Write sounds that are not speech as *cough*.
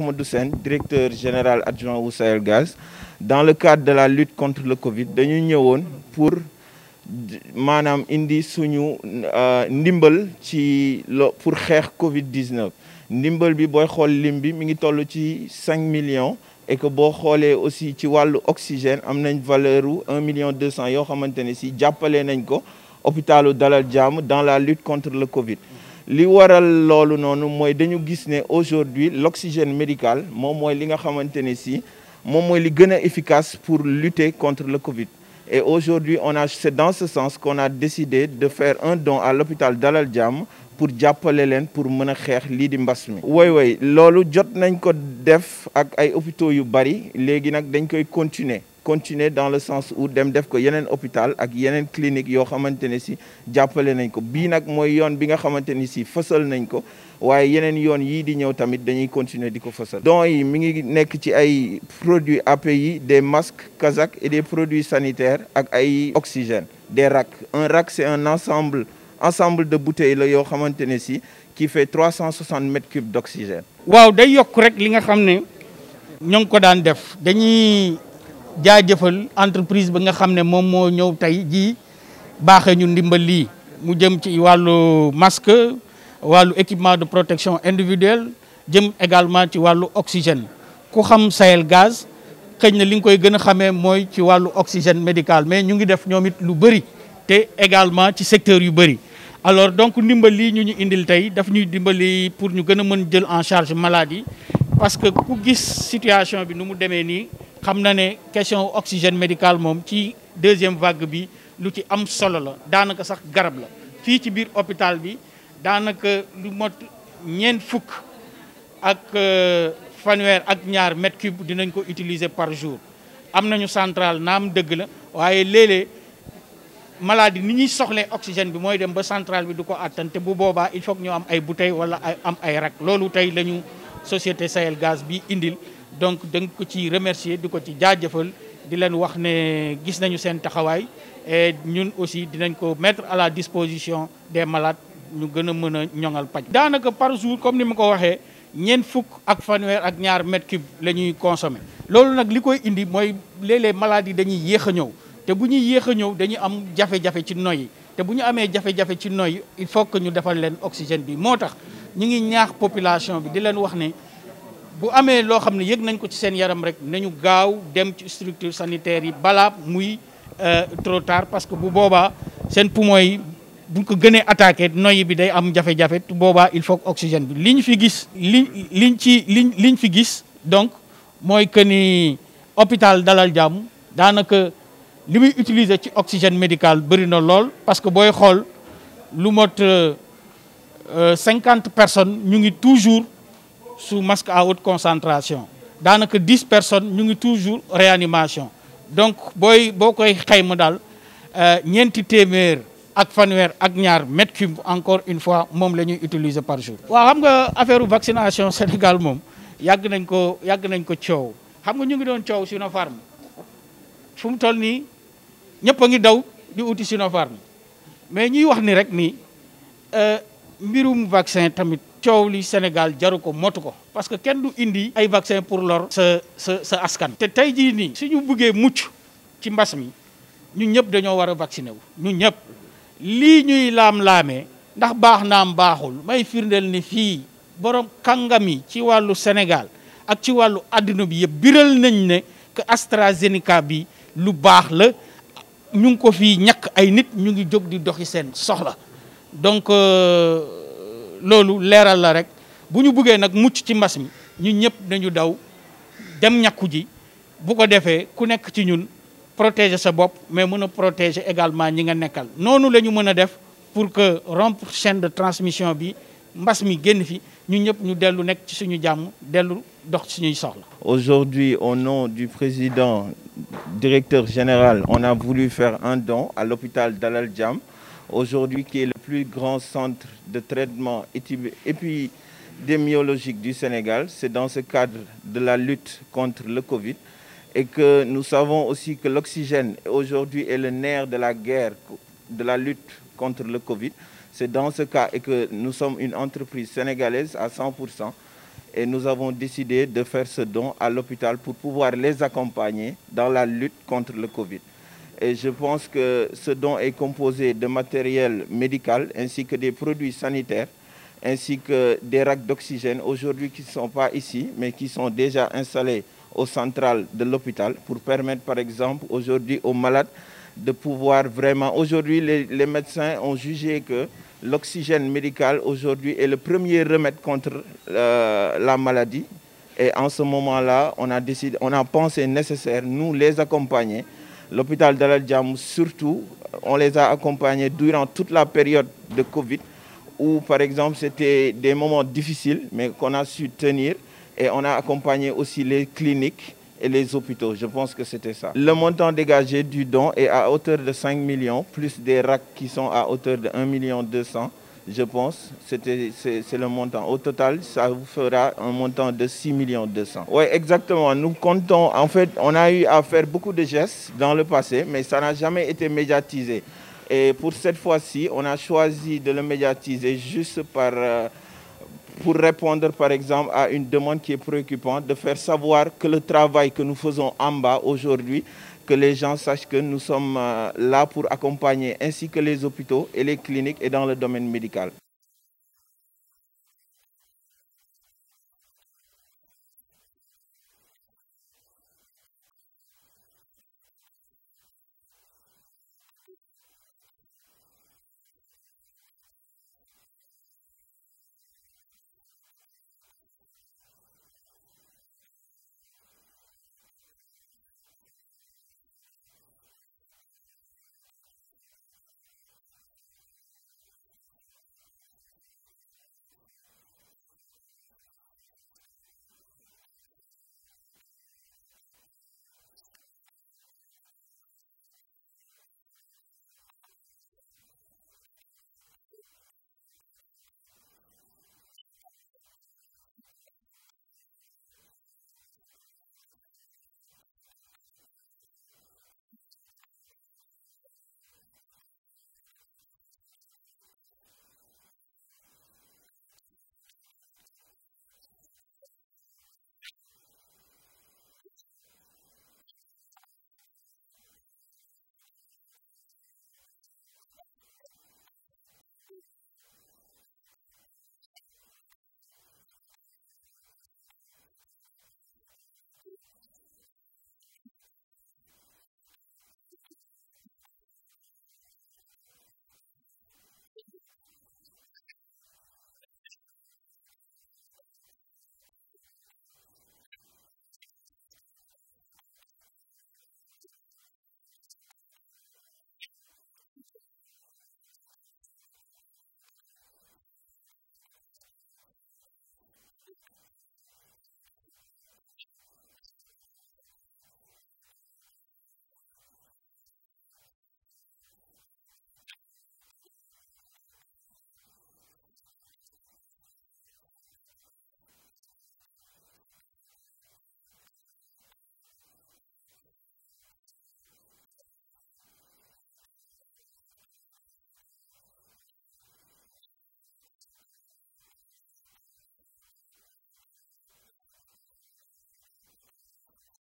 Ahmadou Sène directeur général adjoint wu Sahel Gaz dans le cadre de la lutte contre le Covid dañu ñëwoon pour maanaam indi suñu euh, ndimbal ci lo pour xeex Covid 19 ndimbal bi booy xool lim bi mi ngi toll ci 5 millions et boo xoolee aussi ci wàllu oxygène am nañ valeur u 1 million 200 yoo xamante ne si jàppale nañ ko hôpitalu Dalal Jàmm dans la lutte contre le Covid. li waral loolu noonu mooy dañu gis ne aujourd'hui l'oxygène médical moom mooy li nga xamante ne si moom mooy li gën a efficace pour lutter contre le Covid et aujourd'hui on a c'est dans ce sens qu'on a décidé de faire un don à l'hôpital Dalal jàmm pour jàppale leen pour mën a xeex lii di mbas mi way way loolu jot nañ ko def ak ay hôpitaux yu bari léegi nag dañ koy continuer continuer dans le sens où dem def ko yeneen hôpital ak yeneen clinique yoo xamante ne si jàppale nañ ko bii nag mooy yoon bi nga xamante ni si fësal nañ ko waaye yeneen yoon yii di ñëw tamit dañuy continuer di ko fësal. dons yi mi ngi nekk ci ay produits API des masques casaques et des produits sanitaires ak ay oxygène des racks un rack c'est un ensemble ensemble de bouteilles la yoo xamante ne si qui fait 360 mètres cubes d'oxygène. waaw day yokk rek li nga xam ne ñoo ko daan def dañuy. jaa jëfal entreprise bi nga xam ne moom moo ñëw tey jii baaxee ñu ndimbal lii mu jëm ci wàllu masque wàllu équipement de protection individuelle jëm également ci wàllu oxygène ku xam Sahel gaz xëy na li nga koy gën a xamee mooy ci wàllu oxygène médical mais ñu ngi def ñoom it lu bëri te également ci secteur yu bëri alors donc ndimbal lii ñu ñu indil tey daf ñuy dimbali pour ñu gën a mën jël en charge maladie parce que ku gis situation bi nu mu demee nii xam na ne question oxygène médical moom ci deuxième vague bi lu ci am solo la daanaka sax garab la fii ci biir hôpital bi daanaka lu mot ñeent fukk ak euh, fanweer ak ñaar mètre cube dinañ ko utiliser par jour am nañu centrale naam dëgg la waaye léeg-léeg maladie ni ñuy soxle oxygène bi mooy dem ba central bi du ko àttan te bu boobaa il faut que am ay bouteilles wala am ay rak loolu tey la ñu société Sahel Gaz bi indil donc da nga ko ci remercier di ko ci jaajëfal di leen wax ne gis nañu seen taxawaay et ñun aussi dinañ ko mettre à la disposition des malades ñu gën a mën a ñoŋal paj daanaka par jour comme ni ma ko waxee ñeent fukk ak fanweer ak ñaar mètre cube la ñuy consommé loolu nag li koy indi mooy léeg-léeg yi dañuy yéex a ñëw te bu ñuy yéex a ñëw dañuy am jafe-jafe ci yi te bu ñu amee jafe-jafe ci yi il faut que ñu defal leen oxygène bi moo tax ñu ngi ñaax population bi di leen wax ne bu amee loo xam ne yëg nañ ko ci seen yaram rek nañu gaaw dem ci structure sanitaire yi balaa muy euh, trop tard parce que bu boobaa seen poumon yi buñ ko gënee attaqué noyyi bi day am jafe-jafe tu boobaa il faut oxygène bi li ñu fi gis li liñ ci liñ liñ fi gis donc mooy que ni hôpital Dalal Jàmm daanaka li muy utiliser ci oxygène médical bëri na lool parce que booy xool lu mot euh, euh, cinquante personnes ñu ngi toujours sous masque à haute concentration daanaka dix personnes ñu ngi toujours réanimation donc booy boo koy xayma daal euh, ñeenti téeméer ak fanweer ak ñaar mètre cube encore une fois moom la ñuy utiliser par jour. waaw xam nga affaire vaccination *laughs* Sénégal moom yàgg nañ ko yàgg nañ ko coow xam nga ñu ngi doon coow Sinopharm fu mu toll nii ñëpp a ngi daw di uti Sinopharm mais ñuy wax ni rek ni euh, mbirum vaccin tamit. coow li Sénégal jaru ko motu ko parce que kenn du indi ay vaccin pour lor sa sa sa askan te tey jii nii su ñu buggee mucc ci mbas mi ñun ñëpp dañoo war a vacciné wu ñun ñëpp lii ñuy laam-laamee ndax baax naam baaxul may firndeel ni fii boroom kàngam ci wàllu Sénégal ak ci wàllu àdduna bi yëpp biral nañ ne que AstraZeneca bi lu baax la ñu ngi ko fii ñàkk ay nit ñu ngi jóg di doxi seen soxla donc euh, loolu leeral la rek bu ñu buggee nag mucc ci mbas mi ñun ñëpp dañu daw dem ñàkku ji bu ko defee ku nekk ci ñun protéger sa bopp mais mën a protéger également ñi nga nekkal noonu la ñu mën a def pour que rompre chaîne de transmission bi mbas mi génn fi ñu ñëpp ñu dellu nekk ci suñu jàmm dellu dox ci suñuy soxla. Aujourd'hui, au nom du président directeur général, on a voulu faire un don à l'hôpital Dalal jàmm aujourd'hui qui est le plus grand centre de traitement épidémiologique du Sénégal. C'est dans ce cadre de la lutte contre le Covid et que nous savons aussi que l'oxygène est le nerf de la guerre, de la lutte contre le Covid. C'est dans ce cas et que nous sommes une entreprise sénégalaise à 100% et nous avons décidé de faire ce don à l'hôpital pour pouvoir les accompagner dans la lutte contre le Covid. et je pense que ce don est composé de matériel médical ainsi que des produits sanitaires, ainsi que des racks d'oxygène aujourd'hui qui ne sont pas ici, mais qui sont déjà installés aux centrales de l'hôpital pour permettre par exemple aujourd'hui aux malades de pouvoir vraiment... Aujourd'hui, les, les médecins ont jugé que l'oxygène médical aujourd'hui est le premier remède contre euh, la maladie. Et en ce moment-là, on a décidé, on a pensé nécessaire, nous, les accompagner l'hôpital Dalal Jamm surtout on les a accompagnés durant toute la période de Covid où par exemple c'était des moments difficiles mais qu'on a su tenir et on accompagné aussi les cliniques et les hôpitaux je pense que c'était ça le montant dégagé du don est à hauteur de 5 millions plus des RAC qui sont à hauteur de 1 million 200 je pense. C'était, c'est, le montant. Au total, ça vous fera un montant de 6 millions 200. Oui, exactement. Nous comptons, en fait, on a eu à faire beaucoup de gestes dans le passé, mais ça n'a jamais été médiatisé. Et pour cette fois-ci, on a choisi de le médiatiser juste par, euh, pour répondre, par exemple, à une demande qui est préoccupante, de faire savoir que le travail que nous faisons en bas aujourd'hui, que les gens sachent que nous sommes euh, là pour accompagner ainsi que les hôpitaux et les cliniques et dans le domaine médical.